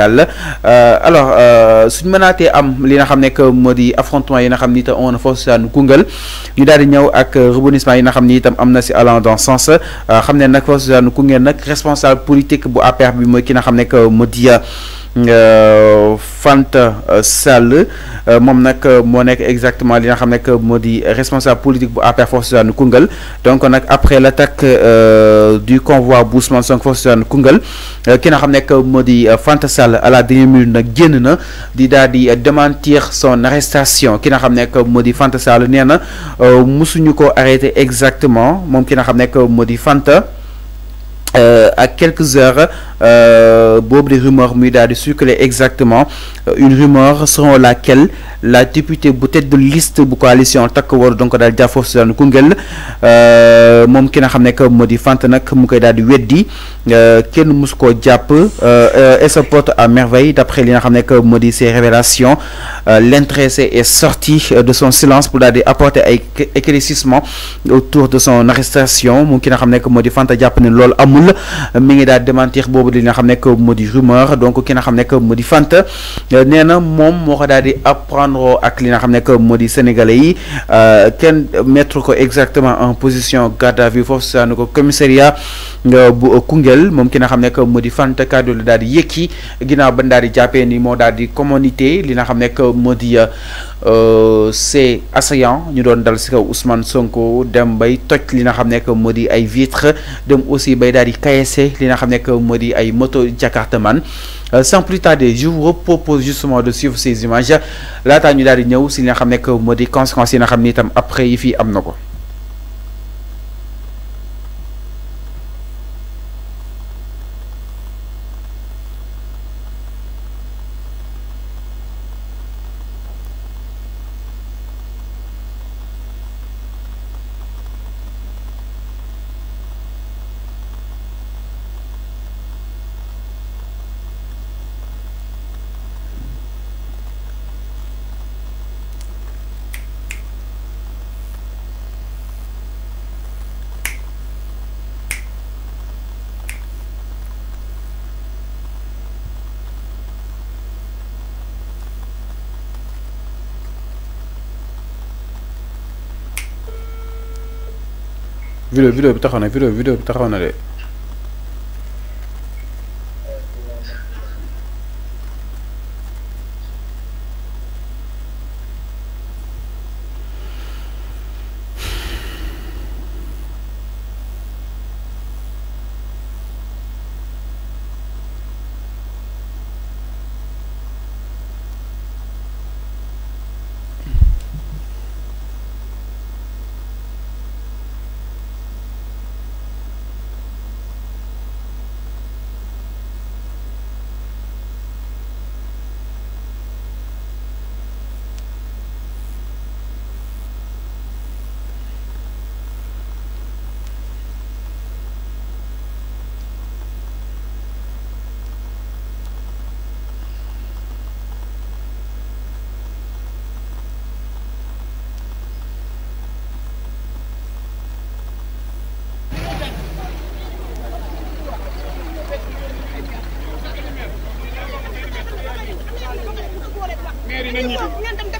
Sénégal euh, alors euh, suñ mënaatee am li nga xamné que modi affrontement yi nga xamni ni on force saanu Koungheul ñu daal di ñëw ak euh, rebondissement yi nga xamni ni itam am na allant dans sens euh, xamné nak nag force saanu Koungheul nag responsable politique bu APR bi moy ki nga xamné que modi di euh, Fanta euh, Sall euh, mom nak moo exactement li nga xam nekk moo responsable politique bu APR Force Suzanne Koungheul donc nak après l'attaque du convoi Bousman Ousmane Force Suzanne Koungheul ki nga xam nekk Fanta Sall à la dernière minute nag genn na di daal démentir son arrestation ki nga xam nekk moo Fanta Sall néna musuñu ko arrêté exactement mom ki nga xam nekk Fanta. Euh, à quelques heures euh, di rumeur muy daal di circuler exactement euh, une rumeur selon laquelle la députée bu de liste bu coalition takk war donc la jàffoo si Kungel, Koungheul euh, moom ki nga xam ne que moo di Fante nag koy di et se porte à merveille d'après li n'a xam que révélations euh, l'intéressé est sorti euh, de son silence pour apporter éclaircissement autour de son arrestation mu ki nga xam nekk Fanta jàpp Lol amul mi ngi daal démentir boobu li nga xam modi rumeur donc ki nga xam nekk Fanta euh, nee Mom moom moo di apprendre ak li nga xam sénégalais yi mettre ko exactement en position garde à vue foofu saanu ko commissariat bu kungel mom ki nga xam nekk Fanta kaddu la di yëkki ginnaaw ban daal di jàppee di communauté li nga xam moo euh ces assaillants ñu doon dal ci Ousmane Sonko dem bay toj li nga xam que modi ay vitre dem aussi bay daal di kayase li nga xam que modi ay moto man euh, sans plus tarder je vous propose justement de suivre ces images là ñu daal di ñëw si li nga xam nekk moo conséquences yi nga xam après yi fii am na vidéo vidéo bi taxaw na vidéo vidéo bi taxaw na de. Nandito.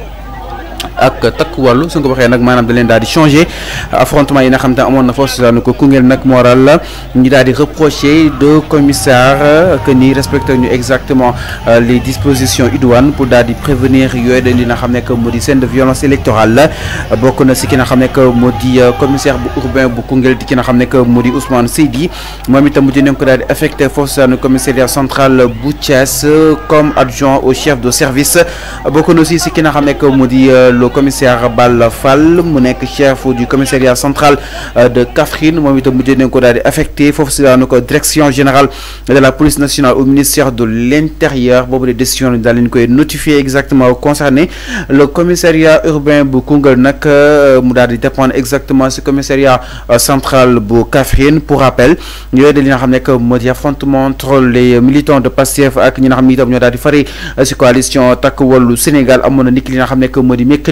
ak takk wàllu su nga waxee nag maanaam leen daal di changer affrontement yi nga xam na force daanu ko kungel nak moral ñi daal di reprocher deux commissaires que ni respecté ñu exactement euh, les dispositions douane pour daal di prévenir yooyu dañ dina n'a ne que scène de violence électorale la bokk na ci ki nga xam que euh, commissaire bu urbain bu kungel di ki nga xam ne que moo Ousmane Seydi momi tam mujj nañ ko daal di affecter force daanu commissariat central bu comme adjoint au chef de service bokk na aussi si ki nga xam que commissaire Balfal, Fall mu chef du commissariat central euh, de Kafrine, moi itam mujjee nañ ko affecté. affecté faut la ko direction générale de la police nationale au ministère de l'Intérieur pour les décisions décision daal exactement concerné le commissariat urbain bu Koungheul dépend euh, mu daal exactement ce commissariat euh, central de Kafrine. pour rappel il y a nga liens nekk affrontement entre les militants de Pastef et ñi nga de ne itam ñoo coalition di coalition Takku Sénégal amoon na niki li nga xam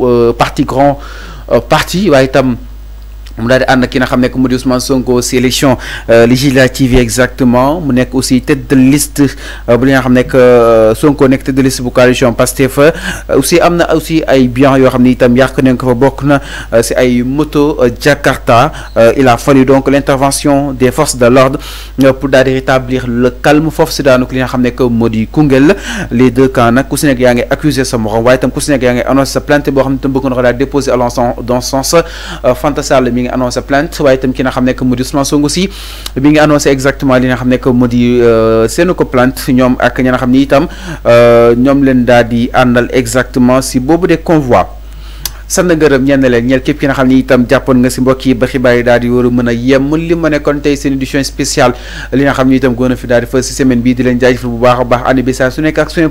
Euh, parti grand euh, parti être itam on daal di ki nga xam nekk mu Ousmane Sonko sélection euh, législative exactement mu nek aussi tête de liste euh, bu nga xam euh, nekk Sonko nek tête de liste bu coalition Pastef aussi amna aussi ay biens yo xam ne itam yàq nañ ko fa bok na si ay moto Jakarta il a fallu donc l'intervention des forces de l'ordre pour daal rétablir le calme fof ci daanu ki nga xam nekk Modi Kungel. les deux camps nak ku si nekk yaa ngi accusé sa moro way tam ku si nekk yaa ngi annoncé sa plainte bo xam ne itam bëgg na ko à l'ensemble dans sens Fanta mi ngi annoncé plainte waaye itam ki nga xam nekk mu di si bi euh, ko plainte ñoom ak ñi nga xam ni itam euh, ñoom leen daal di àndal exactement si boobu de convoi sant gërëm ñenn leen ñeel képp ki nga xam ni itam jàppoon nga si mbokk ba xibaar yi daal di war a mën a yem li ma nekkoon tey seen édition spéciale li nga xam ni itam gën a fi daal di fa si semaine bii di leen jaajëfal bu baax baax année bi saa su nekk ak